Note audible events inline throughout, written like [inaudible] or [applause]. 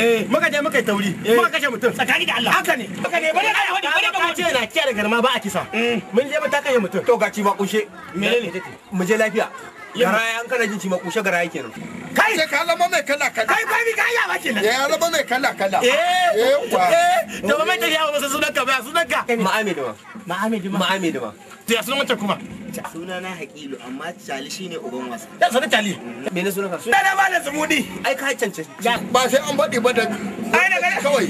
Eh, muka je muka yi tauri eh. muka kashe mutum tsakani da Allah haka ne haka ne bari ka wani bari ka ce na kiyar garma ba a kisa eh. mun je mun ta kashe mutum to gaci ba kushe menene take mu je lafiya garaya an kana jin ci ma kushe garaya kenan kai sai ka zama mai kala kala kai kai ka ya bace nan ya zama mai kala kala eh eh kwa to ba mai tafiya ba sunan ka ba sunan ka ma'amidi ma ma'amidi ma ma'amidi ma to ya sunan wancan kuma suna na haƙilu amma cali shine uban wasa da sanar cali mm. me ne sunanka suna na malam zumudi ai ka cancanci ba sai an faɗi ba da ai da kawai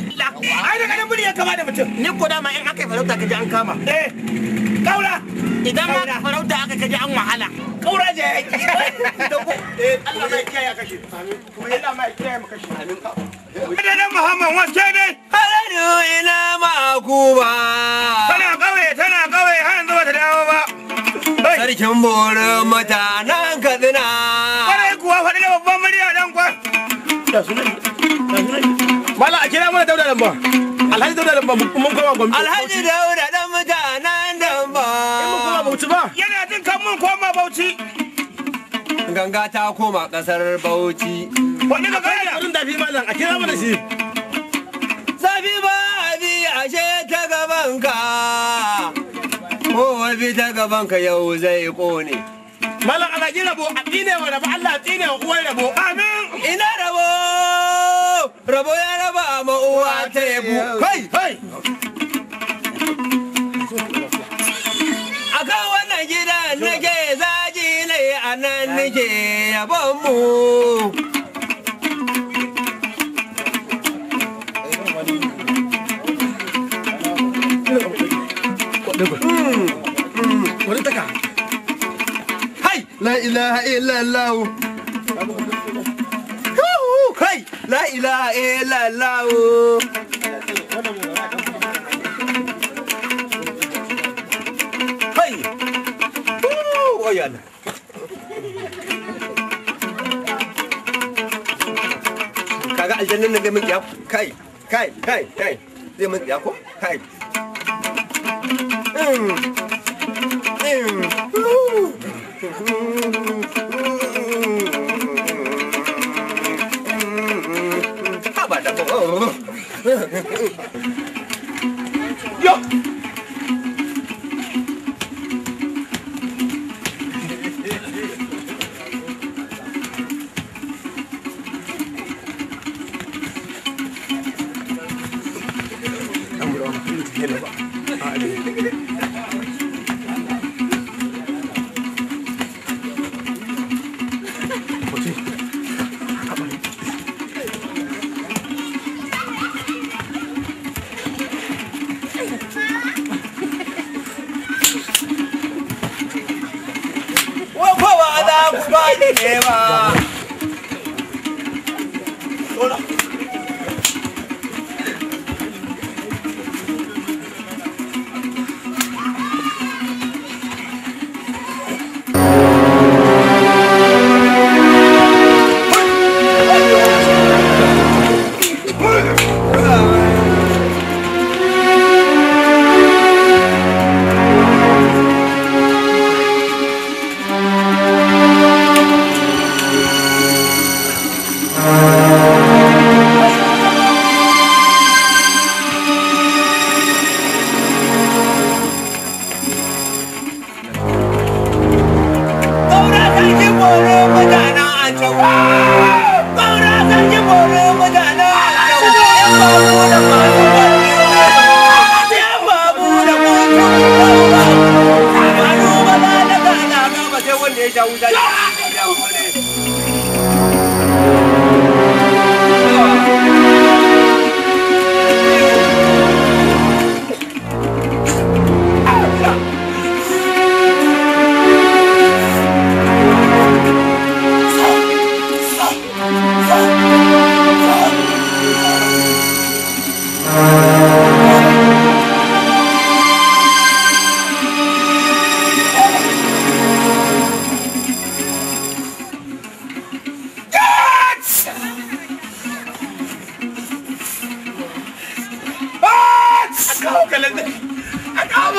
ai da gare buri ya kama da mutum ni ko dama in aka yi farauta kaje an kama eh kaura idan ma farauta aka kaje an wahala kaura je [laughs] eh Allah mai kiyaye kashi amin kuma Allah mai kiyaye mu kashi amin ka Adana Muhammad wace ne? Halanu ina ma'akuba. Tana kawai tana kawai har yanzu bata dawo ba. sarkin borin mutanen kaduna kwarai kuwa faɗi da babban murya dan kwa a kira mana dauda lamba alhaji dauda lamba mun koma gwamnati alhaji dauda dan mutanen damba eh, bauchi ba yana jin kan mun koma bauchi ganga ta koma kasar bauchi wani ga dafi malam a kira mana shi zafi ba abi ashe ta gaban ka kowa bi ta gaban ka yau zai kone mala alaji rabo a tsine wa rabo Allah tsine wa rabo amin ina rabo rabo ya raba ma uwa ta yabo kai kai akan wannan gidan nake zaji ne a nan nake yabon mu ilaha illallah kai la ilaha illallah kai oyan kaga aljannan nan ga miki kai kai kai kai zai miki ko よっ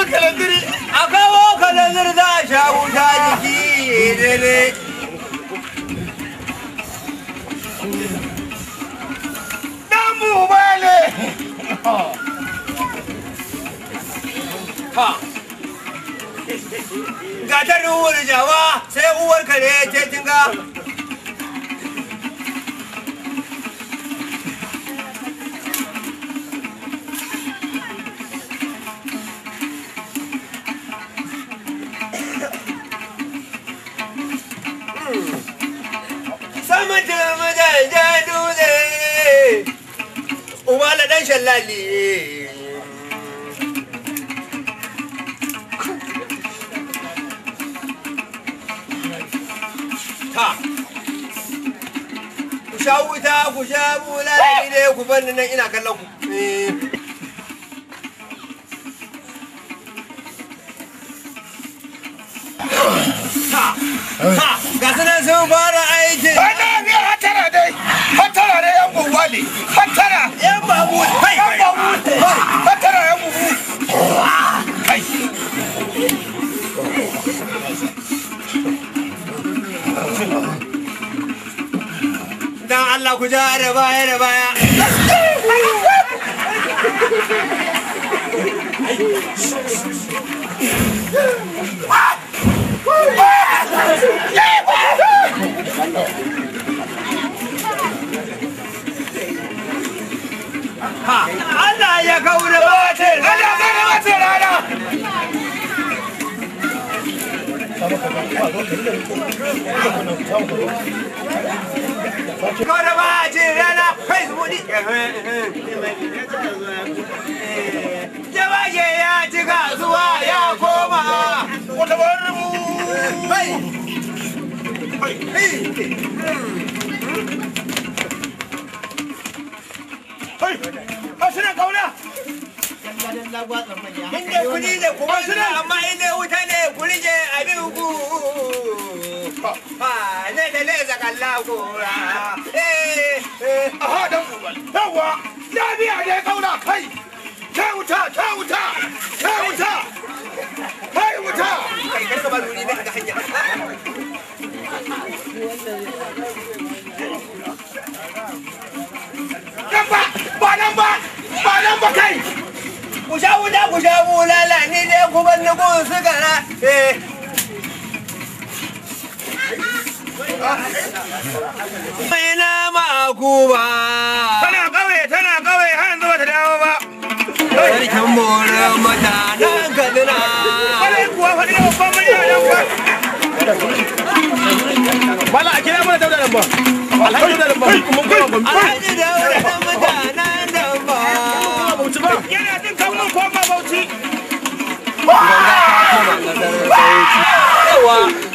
mu kalandiri a kawo kalandiri za a sha wuta jiki dare dan mu bale ha ga ta ruwar jawa sai uwar kare ce tinga jalali ta ku sha wuta ku sha bulali ne ku bani nan ina kallon ku ga sun fara aikin ne hattara. dai yan gwangwali hatara yan babu dan Allah ku ja da baya da baya Allah ya kawo da batir Allah ya kawo da Kora ba ya ci kasuwa ya koma wata barbu. Hai! ne wuta ne ku rike allagora eh, eh, eh ne ni ni sigara eh, Ina ma'akuba. Tana kawai tana kawai har yanzu bata dawo ba. Sarkin bora mutanen Kaduna. Kwarai kuwa faɗi da babban murya nan ba. Bala a kira mana dauda nan ba. Alhaji dauda nan Alhaji dauda nan Yana jin kawai ko ma bauchi.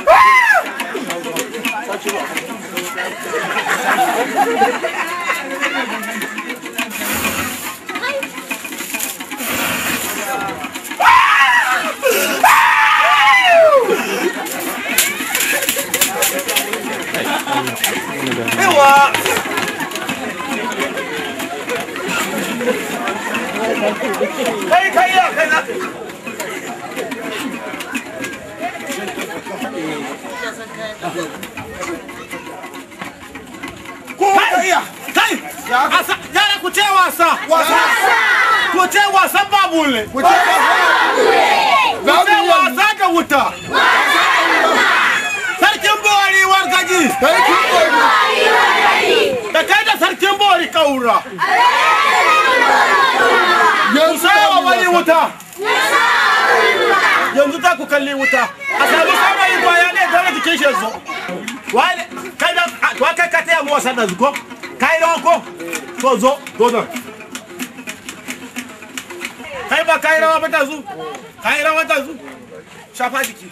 Thank you. dole wuce wasa ka wuta sarkin bori wargaji da kai da sarkin bori kaura yanzu wa wani wuta yanzu za ku kalli wuta a sami samun kwaya ne don jikin shi yanzu kai da kai ka taya mu wasan da zuko kai da ko zo zo kayi rawa ba ta zu kayi rawa ta zu shafa jiki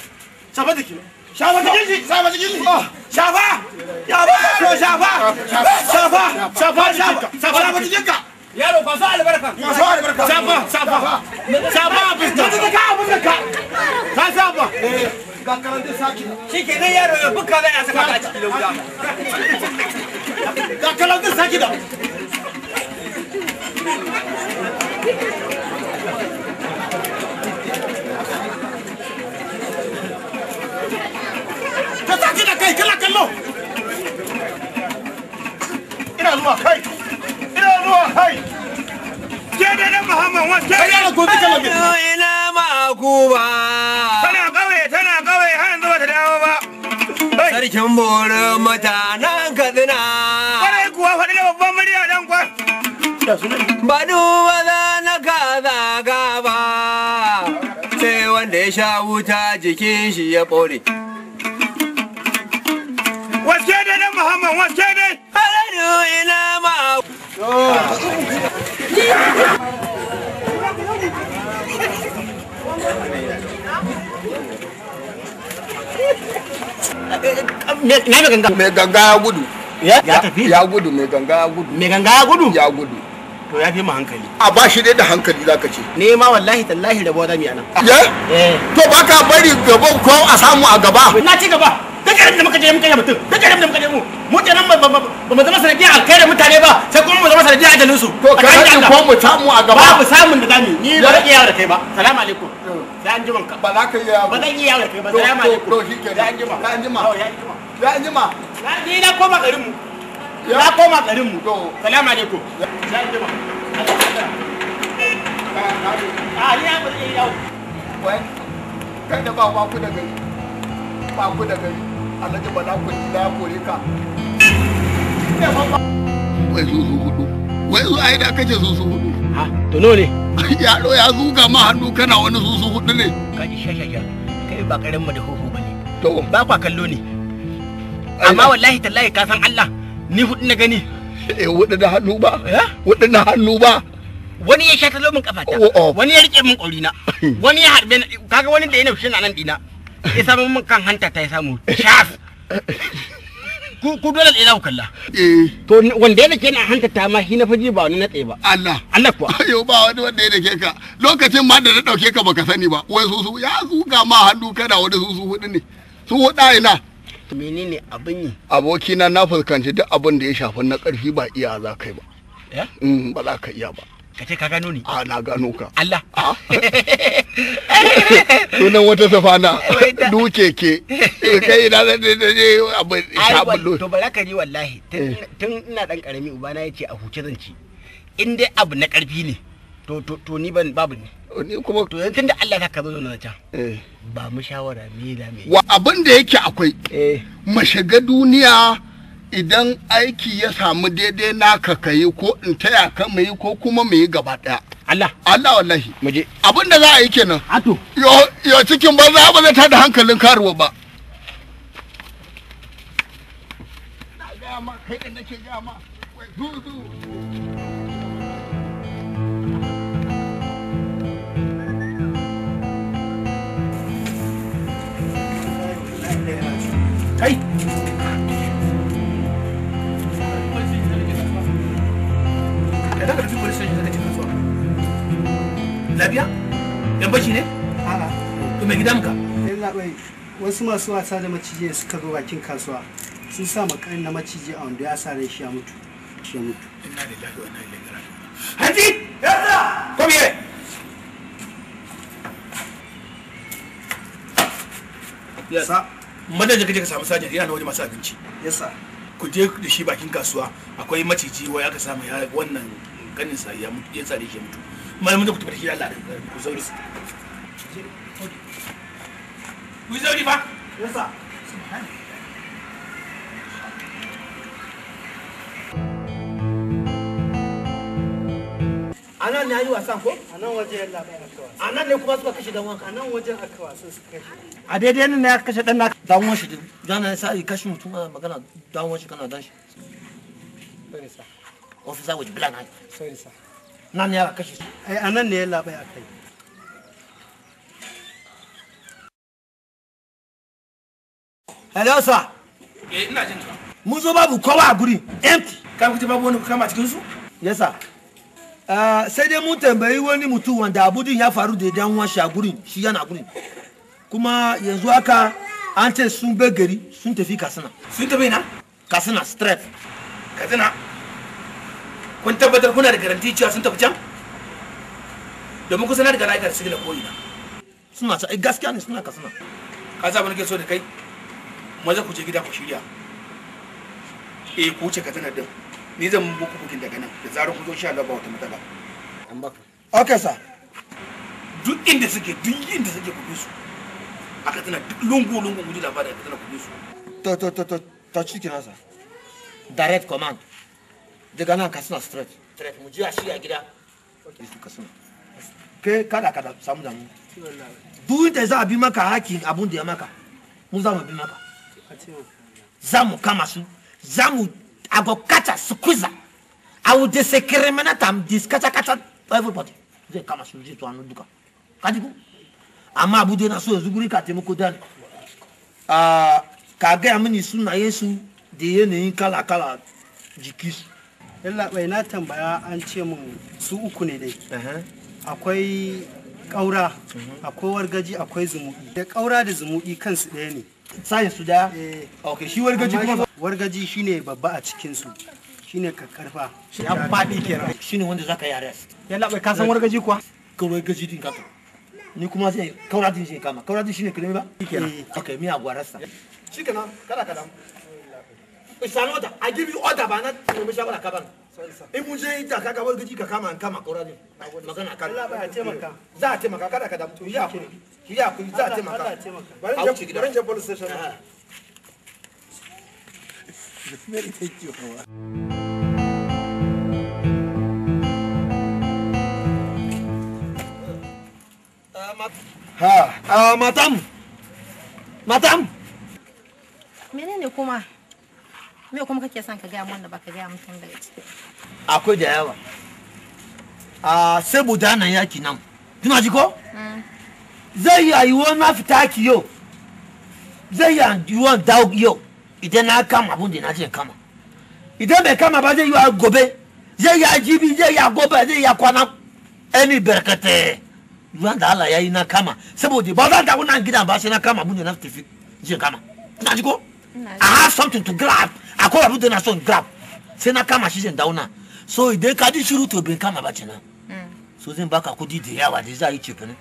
shafa jiki shafa jikin shi shafa jikin shafa shafa shafa shafa shafa shafa shafa shafa shafa ka yaro kwaso albarka kwaso albarka shafa shafa shafa a fuska ka eh, eh, ka a fuska ka shafa ga karanta saki shi ke yaro buka zai a saka ka ciki da wuta saki da ta ka da kai kana kallo ina zuwa kai ina zuwa kai ke da nan muhammad wa ke da gobe kallon me ina makuba tana kawai tana kawai har yanzu bata dawo ba sarkin borin mutanen kaduna kwarai kuwa faɗi da babban murya dan kwan ba duba za na kaza gaba sai wanda ya sha wuta jikin shi ya ɓore waske dai na muhammad waske dai haladu ila ma Na mai ganga? Mai ganga ya gudu. Ya tafi? Ya gudu, mai ganga ya gudu. Mai ganga ya gudu? Ya gudu. to ya fi mu hankali a ba shi dai da hankali za ka ce ne ma wallahi tallahi da bota mi anan ya eh. to baka bari gaban ko a samu a gaba na ci gaba irin da muka je muka yi mutum duk irin da muka je mu mu ce nan ba mu zama sanadiyar alkhairin mutane ba sai kuma mu zama sanadiyar ajalin to ka sani ko mu samu a gaba babu samun da zamu ni ba zan iya yawo da kai ba salamu alaikum sai an jima ka ba za ka yi iya ba zan iya yawo da kai ba salamu alaikum to shi ke sai an jima sai an jima sai an jima an ah, ni na koma garin mu na koma garin mu salamu alaikum sai an jima a ni ba zai iya yawo kai da ba ku da gari ba ku da gari alhaji bala kwangila ya kore ka wai zuzu hudu wai zu ai da kace zuzu hudu ha to nawa ne [laughs] yaro ya zuga ma hannu kana wani zuzu hudu ne ka ji shashashar kai ba karen mu da huhu bane to ba kwa kallo ne amma wallahi tallahi ka san Allah ni hudu na gani eh hudu da hannu ba hudu na hannu ba wani ya sha talo min kafata oh, oh. wani ya rike min kori na [laughs] wani ya harbe kaga wani da ya nufi na nan dina ya samu min kan hanta ta ya samu shaf ku dole ne za ku kalla eh. to wanda ya dake na hanta ta ma shi na faji ba wani na tsaye ba Allah Allah kuwa yau [laughs] ba wani wanda ya ke ka lokacin ma da na dauke ka baka sani ba wai su su ya su ga ma hannu kada wani su su hudu ne su huda ina menene abin yi abokina na fuskanci duk abin da ya shafi na karfi ba iya za kai ba mm, ba za ka iya ba ka ce ka gano ni a ah, na gano ka Allah ah. [laughs] sunan wata safana duke ke eh, kai na da je abu shabullo to baraka ka ji wallahi tun eh. ina dan karami na yace a huce zan ci in dai abu na karfi ne to to to ni ban babu ne oh, ni kuma to yanzu tunda Allah ka zo na can eh. ba mu shawara me da me wa abin da yake akwai eh shiga duniya idan aiki ya samu daidai naka ka yi ko in taya ka mu ko kuma mai yi gaba daya Allah Allah wallahi muje abin da za a yi kenan ato yo yo cikin banza bazai ta da hankalin karuwa ba kai da nake ma. Hey! da za ka tafi police station daga cikin tsoro lafiya yan bashi ne a'a to mai gidanka yana eh, bai wasu masu wasa da macije suka zo bakin kasuwa sun sa makarin na macije a wanda ya sa rai shi ya mutu shi ya mutu inna lillahi wa inna ilaihi raji'un haji yasa kom here yasa madan da kake ka samu sajin yana waje masu abinci yasa ku je da shi bakin kasuwa akwai maciji wai aka samu wannan kaninsa ya mutu ya tsare shi mutu da shi ku zauri ku zauri fa yasa ne ayi wasan ko? anan waje yalla anan ne kuma suka kashe dan wanka anan waje aka wasan su kashe a daidai ne ya kashe dan na dan wanshi dan sai kashe mutum magana dan wanshi kana dan shi officer with black knife sorry sir nan ne aka kashe ai anan ne ya labai akai hello sir eh ina jin ka mun zo babu kowa a guri empty ka kuce babu wani kama cikin su yes sir Uh, sai dai mun tambayi wani mutum wanda abudin ya faru da dan uwan shi a shi yana gurin kuma yanzu haka an ce sun bai gari sun tafi kasina sun tafi na kasina strep kasina kun tabbatar kuna da garanti cewa sun tafi can domin kusa na daga na su da ko'ina suna sa eh, gaskiya ne suna kasana ka sa wani ke so da kai maza ku je gida ku shirya eh ku wuce ka tana din ni zan muku bukin daga nan da zarar ku zo sha Allah ba wata matsala an baka okay sa duk inda suke duk inda suke ku bi su aka tana duk lungu lungu mu ji labarin aka tana ku bi su to to to to to cikin nasa direct command daga nan katsina straight straight mu jiya shi gida yesu katsina ke kada kada samu damu duk da za a bi maka hakin abun da ya maka mu za mu bi maka za mu kama su za mu agokata su kuza i will discriminate am discatacata everybody zai kama su zai to duka kaji ko amma abu dai na so yanzu guri ka taimako da ne ah, ka gaya mini sunayen su da yanayin kala-kala jikinsu bai na tambaya an ce mun su uku ne dai akwai ƙaura mhm. akwai wargaji akwai zumuɗi da ƙaura da zumuɗi kansu ɗaya ne sai su da eh. ok shi wargaji kuma wargaji shine babba a cikin su shine kakkarfa shi an faɗi kenan shine wanda zaka yi arrest yallaɓai ka san wargaji kuwa ka wargaji din ka ni kuma zai kaura din shi kama kaura din shine kirmi ba eh. okay mi a gwararsa shikenan kada kada it's an order i give you order ba na tunomi shawara ka bani ita ka gaba gaji ka kama kama kora magana ka Allah ba ya taimaka za a kada ka to ya kuri ya kuri za a bari je bari je police station thank you. Ha, uh, Menene kuma? me kuma kake son ka gaya mun da baka gaya mutum daga ciki akwai da yawa a saboda ana yaki nan kina ji ko mm. zai yi yiwuwa na fita ki yau zai yi yiwuwa dawo yau idan na kama abun da na je kama idan bai kama ba zai yi gobe zai yi jibi zai yi gobe zai yi kwana eni berkete yiwuwa da Allah ya yi na kama saboda ba za ta wunan gidan ba sai na kama abun da na tafi je kama kina ji ko I have something to grab akwai abin da na son grab sai na kama shi zan dauna so idan e ka di shiru to bin kama ba kenan mm. so ba ka kudi da yawa da za yi cefin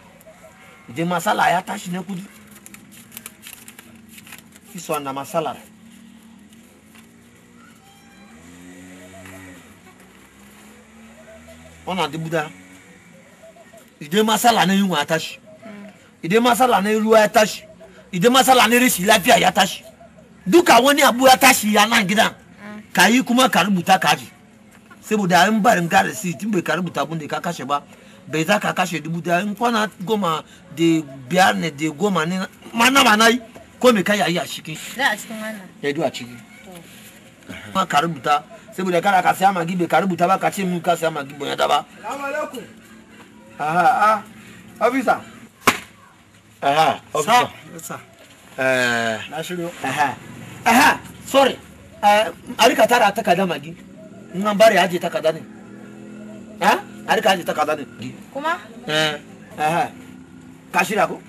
idan masala ya tashi ne kudi iso na la wannan dubu da idan masala na e yunwa ya tashi idan mm. e masala na ruwa ya tashi idan masala na rashin lafiya ya tashi duka wani abu ya tashi ya nan gidan ka yi kuma ka rubuta kaji saboda in barin gare si tun bai ka rubuta abin da ka kashe ba bai za ka kashe dubu da in kwana goma da biyar ne da goma ne mana mana yi ko me ka yayi a ciki za a cikin wannan ya duwa ciki kuma ka rubuta saboda kada ka siya magi bai ka rubuta ba ka ce mun ka siya magi bonya ta ba salamu alaikum aha a officer aha officer sir eh. na shiryo aha aha sorry eh, a rika tara takarda magi in an bari aje takarda ne ha a rika aje takarda ne kuma eh aha ka shirya ko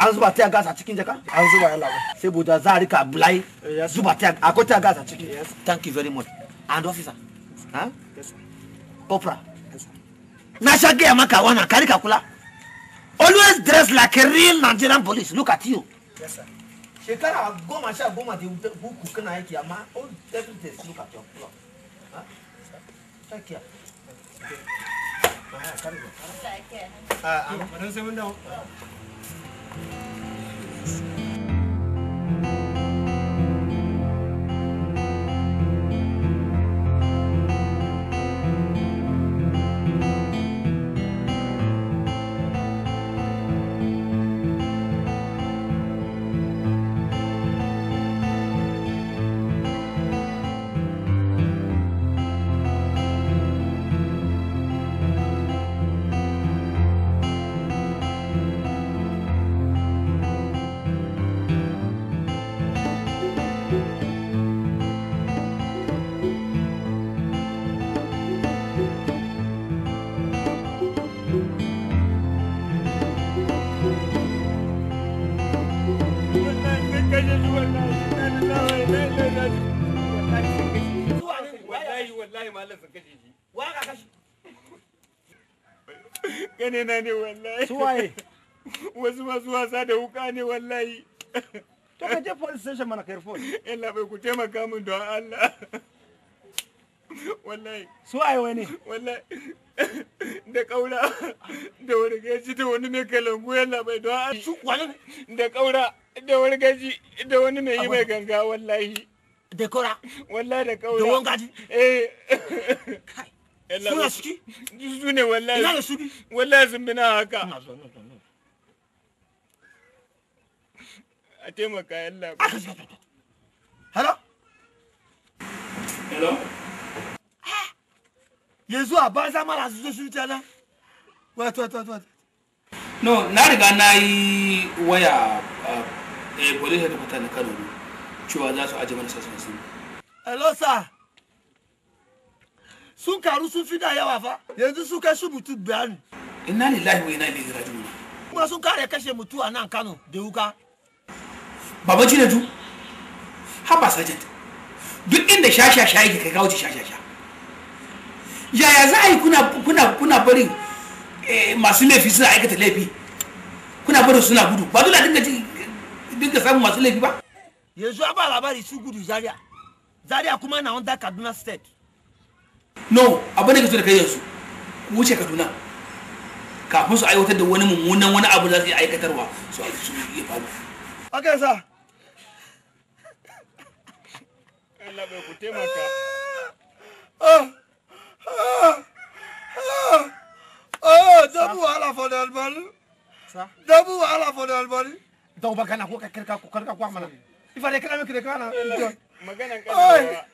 an zuba ta gas a cikin jaka an zuba yalla saboda za a rika bulai zuba ta akwai ta gas a ciki thank you very much and officer ha corporal na sha gaya maka wannan ka rika kula always dress like a real nigerian police look at you yes, sir. shekara goma sha goma da uku kana aiki amma all every day look at your clock take care Uh, I'm going to ah, ah, say no. wallahi malam sun kashe shi wa ka kashe gane na ne wallahi suwaye [laughs] wasu masu wasa da wuka ne wallahi to ka je police station mana phone [laughs] bai ku taimaka min don Allah [laughs] wallahi suwaye wani wallahi da kaura da wani da wani mai kalangu yalla bai don Allah da kaura da wani da wani mai yi mai ganga wallahi dekora kora wallahi da da eh suna suki su ne wallahi ina da suki wallahi sun haka a taimaka yalla hello hello yanzu a banza mara su zo su wato wato wato no na riga na yi waya a eh, police headquarter na kano cewa za su aje mana sassan su hello sir sun karu sun fi da yawa fa yanzu su kai su mutu bayani inna lillahi wa inna ilaihi raji'un kuma sun kare kashe mutu a nan Kano da wuka baba Jinaju haba sajent duk inda sha-sha yake kai kawo sha-sha yaya za a yi kuna kuna kuna barin eh, masu laifi suna aikata laifi kuna barin suna gudu ba dole a dinga samun masu laifi ba yanzu a ba labari su gudu zaria zaria kuma na wanda kaduna state no abin da ke so da kai yanzu wuce kaduna kafin su aiwatar da wani mummunan wani abu za su yi aikatarwa su aiki su yi faru aka sa Allah bai ku taimaka Oh, dabu wahala for the Dabu wahala for ko ka kirka ko karka ko mana. ifa dai kana miki da kana magana kana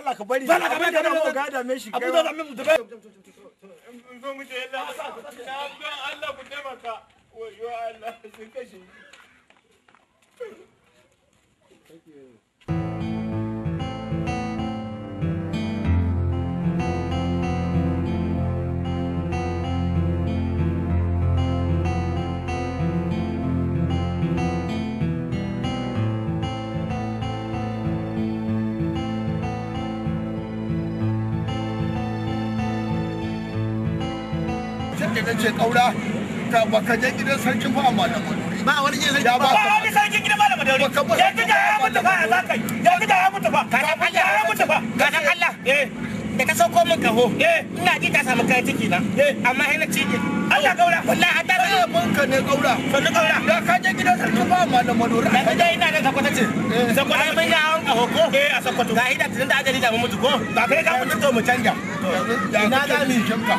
Allah ka bari Allah ka bari da mu ga da me shi abu da mu da bai zo mu je Allah Allah ku taimaka wa Allah sun kashe na ce ƙaura ta baka je gidan sarkin ba amma da maduri ba wani gidan sarkin ba ba wani sarkin gidan malam maduri ya ya mutu za kai ya ya mutu ka san ya mutu ka san Allah eh da ka sauko min kaho eh ina ji ta samu kai ciki na eh. amma sai na Allah gaura wallahi a tare da mun ne gaura sannu gaura da ka je gidan sarkin ba amma da maduri da kaje ina da sakwata ce eh. sakwata mun ya hawan kaho ko eh a sakwato ga hida da ajali da mu mutu ko ba kai ka mutu to mu canja ina da ni shimka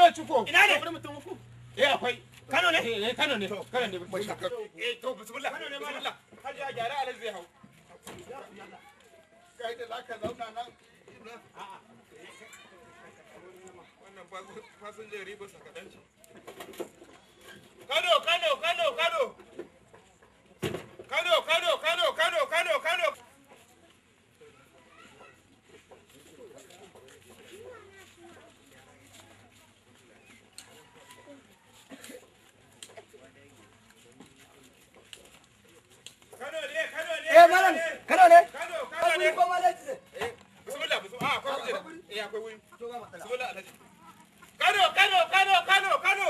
Kano ciko. Ina ne? Akwai mutum uku. Eh akwai. Kano ne? Eh, eh Kano ne. Kano ne. Eh to bismillah. Kano ne Har ya gyara alal zai hau. Kai da zaka zauna nan. A'a. Wannan fasinja riba sakadanci. Kano Kano Kano Kano. eh malam kano ne kano ne ko malam ne eh bismillah bismillah ah, akwai wuri eh akwai wuri bismillah alhaji kano kano kano kano kano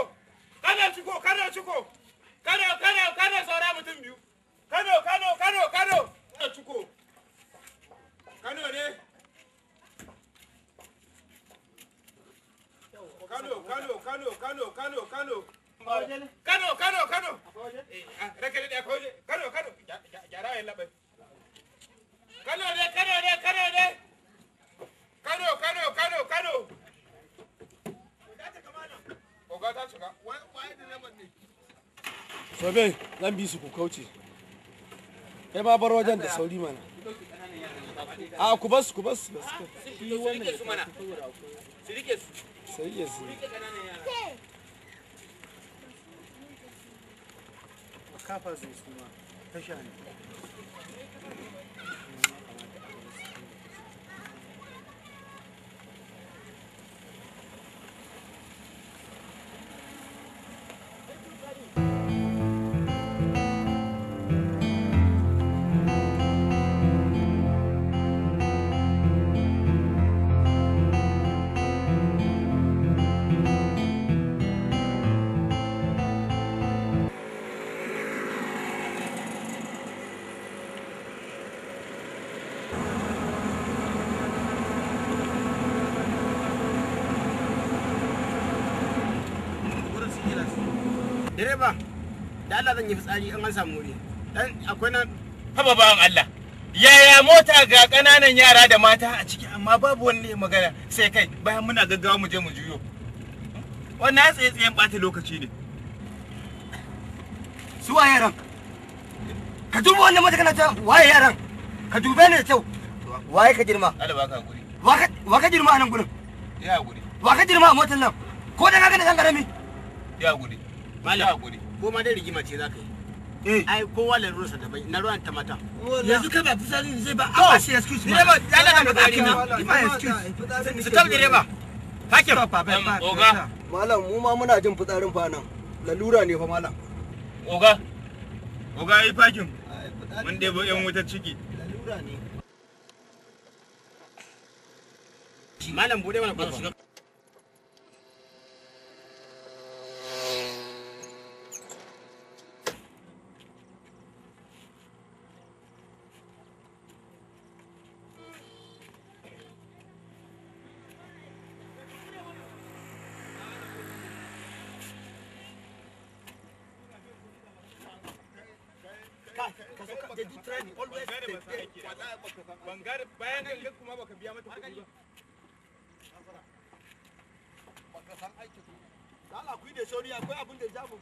kano ciko kano ciko kano kano kano saura mutum biyu kano kano kano kano ciko kano ne kano kano kano kano kano kano kano kano kano kano kano kano kano kano Kano ne, Kano ne, Kano ne. Kano, Kano, Kano, Kano. Oga zan bi su ku kauce. Kai ma bar wajen da sauri mana. direba da Allah zan yi fitsari in an samu wuri dan akwai nan haba bawan Allah yaya mota ga kananan yara da mata a ciki amma babu wani magana sai kai bayan muna gaggawa mu je mu juyo wannan tsaye tsayen bata lokaci ne su wa yaran ka duba wannan mata kana ta waye yaran ka dube ni da kyau waye ka girma Allah baka hakuri wa ka girma a nan gurin ya hakuri wa ka girma a motar nan ko da ka gani dan karami ya hakuri malam hakuri ko ma dai rigima ce zaka yi eh. ai kowa da ruwansa da bai na ruwan ta mata yanzu kai ba fitsari zai ba a shi excuse me direba ya lana da tsari na ima excuse stop direba hakim oga malam mu ma muna jin fitsarin fa nan lalura ne fa malam oga oga yi fakin mun ɗebo yan wutar ciki lalura ne malam bude mana they do always they pay kuma baka biya mata kuɗi ba baka san ku da sauri akwai abin da mu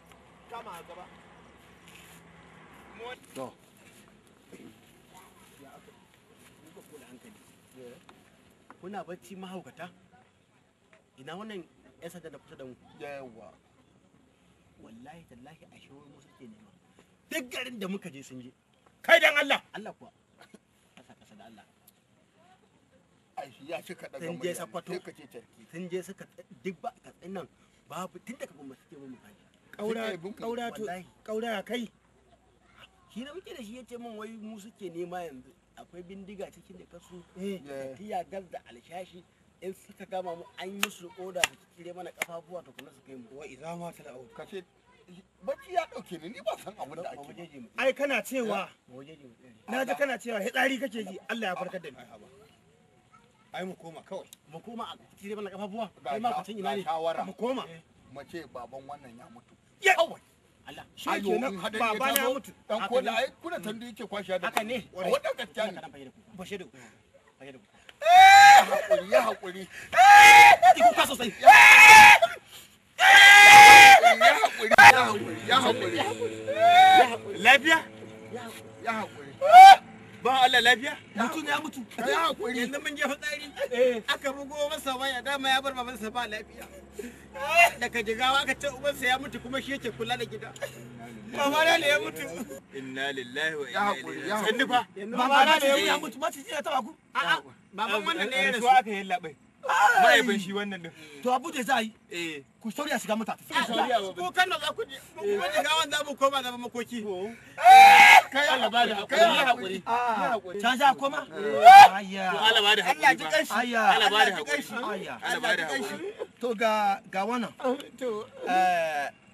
kama a gaba to ya aka ku kula hankali kuna bacci mahaukata ina wannan yan sanda da kusa da mu yawa wallahi tallahi a musu ke nema duk garin da muka je sun je kai dan Allah Allah kuwa kasa kasa da Allah ai shi ya ce ka daga mun sai ka ce tarki tun je suka duk ba ka tsinnan babu tun daga gumma suke mun fani kaura kaura to kaura kai shi da muke da shi yace mun wai mu suke nema yanzu akwai bindiga cikin da kasu eh. da tiya gas da alshashi in suka gama mu an yi su oda su cire mana kafafuwa kuma su kai mu wa idza ma tala'u kace baki ya dauke ni ni ba san abin da ake ai kana cewa eh? na ji kana cewa hitsari kake ji Allah ya farkar da ni ai mu koma kawai mu koma a cire mana kafafuwa ai ma kucin ina ne mu koma eh, mu ce baban wannan ya mutu kawai Allah shi kenan baba ya mutu dan ko da ai kuna tando yake kwashi da haka ne wannan gaskiya ne bashe da ku bashe da ku eh hakuri ya hakuri eh kaso sai. sosai eh! haƙuri ya haƙuri ya haƙuri ya haƙuri lafiya ya haƙuri ba Allah lafiya mutu ya mutu ya haƙuri yanzu mun je fitsari eh. aka bugo masa waya dama ya bar babansa ba lafiya daga jigawa aka ce ubansa ya mutu kuma shi yake kula da gida mamana ne ya mutu inna lillahi wa inna ilaihi raji'un sanni fa mamana ne ya mutu mace ce ta baku a'a baban wannan ne ya rasu aka yi labai mahaifin shi wannan din to abu za yi eh. ku shiga mata kan za ku wanda mu koma makoki eh! kai Allah ba da hakuri kai hakuri ah. za koma eh. Allah ba da hakuri Allah ji Allah ba da hakuri Allah ba da hakuri to ga ga wannan to eh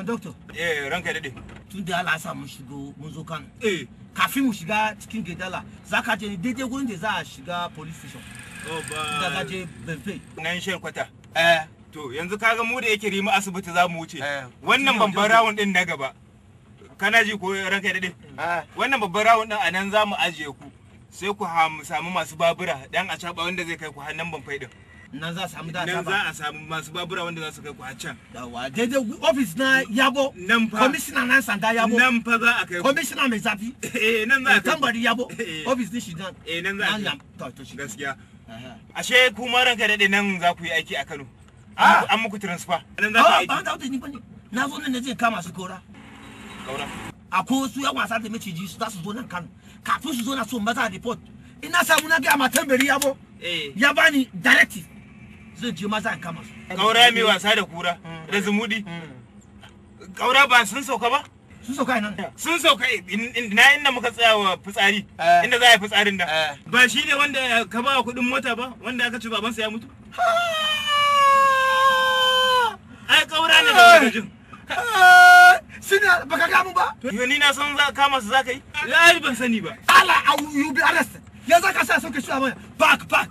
conductor Eh, ranka dade. Tun da ala sa mun shigo mun zo kan. Eh. Kafin mu shiga cikin Gedala, za je ni daidai gurin da za a shiga police station. Oh ba. zaka je Benfe. Nan shen kwata. Eh. To yanzu kaga mu da yake rimu asibiti za mu wuce. Eh. Wannan babban round din na gaba. Kana ji ko ranka dade? Eh. Wannan babban round din a nan za mu ajiye ku. Sai ku samu masu babura dan a wanda zai kai ku hannun Benfe din. nan za a samu data nan za a samu masu babura wanda za a can yawa daidai office na yabo nan fa commissioner sanda a kai commissioner mai zafi [laughs] eh nan za a kai tambari yabo [laughs] eh. office din nan eh nan aiki a Kano ah. an muku transfer nan za ku ah, aiki ba da ni na zo nan ne zai kama su kora a ko yan wasa da su za su zo nan Kano kafin su zo na so maza report ina samu na ga matan bari yabo eh. ya bani directive zai je ma za a kama mai wasa da kura da zumudi kaura ba sun sauka ba sun sauka nan sun sauka na inda muka tsaya wa fitsari eh. inda za a yi fitsarin da eh. ba shi ne wanda ka ba kuɗin mota ba wanda aka ce babansa ya mutu ai kaura ne da mutum suna baka gamu ba yo ni na san za kama su ka yi lai ban sani ba ala au you be arrested ya zaka sa sauke shi a baya back back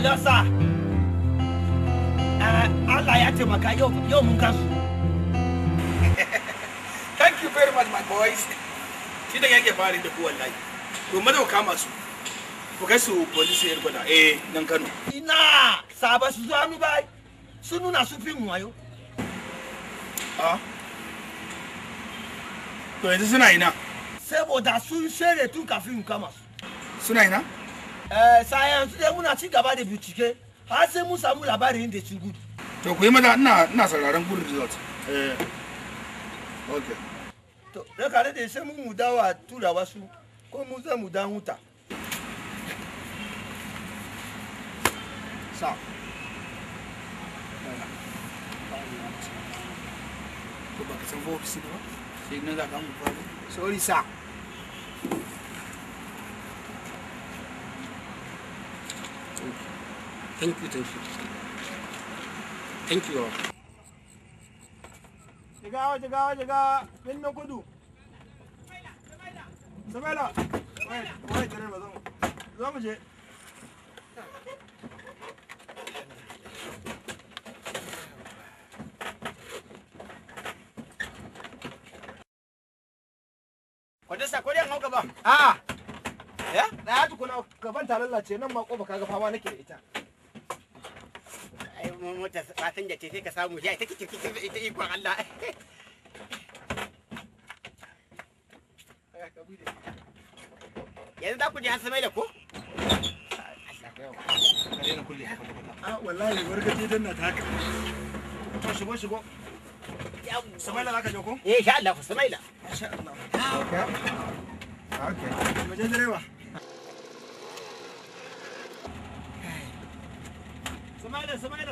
hello sir eh, Allah ya taimaka yau mun kasu [laughs] thank you very much my boys shi da yake fari da ku wallahi to mu kama su ku kai su police yar gwada eh nan Kano ina saba su zo mu bai su nuna su fi mu ayo ah to yanzu suna ina saboda sun shere tun kafin kama su suna ina Eh, science dai eh, muna ci gaba da bincike har sai mun samu labarin da su gudu to ku yi mata ina ina sauraron good result eh okay to da kare da sai mu dawa turawa su ko mu zai mu dan huta sa san ba sai na mu sorry sa Thank you, thank you. Thank you all. Jigawa, jigawa, jigawa, kudu. wai tare ba zan zo ah! na gaban ta lalace nan ma kofa kaga fama nake da ita ai mota da ka samu ya ita kike kike ita ikon Allah yanzu za ku je mai da ko ah, wallahi ta haka to shigo shigo za ka je ko? Eh, sha Allah, Sha Allah.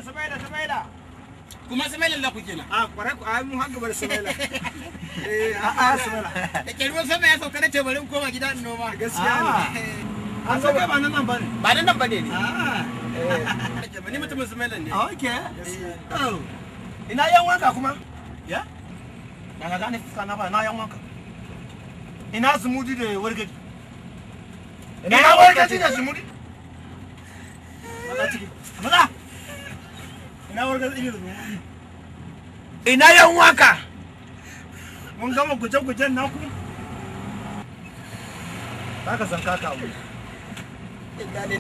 sumaila kuma sumaila la ku kenan a ah, kware ku ai mun hanga bar sumaila [laughs] eh a ah, a ah, sumaila da sama ya sauka tebarin koma gida in noma gaskiya ne an sauka ba nan ba ba nan ne a eh. ni mutumin sumaila ne okay oh. ina yan wanka kuma ya daga gane fuska na ba na yan wanka ina zumudi da wargaji ina wargaji da zumudi Maza ina wargar yan waka mun gama guje-gujen naku za ka san kaka abu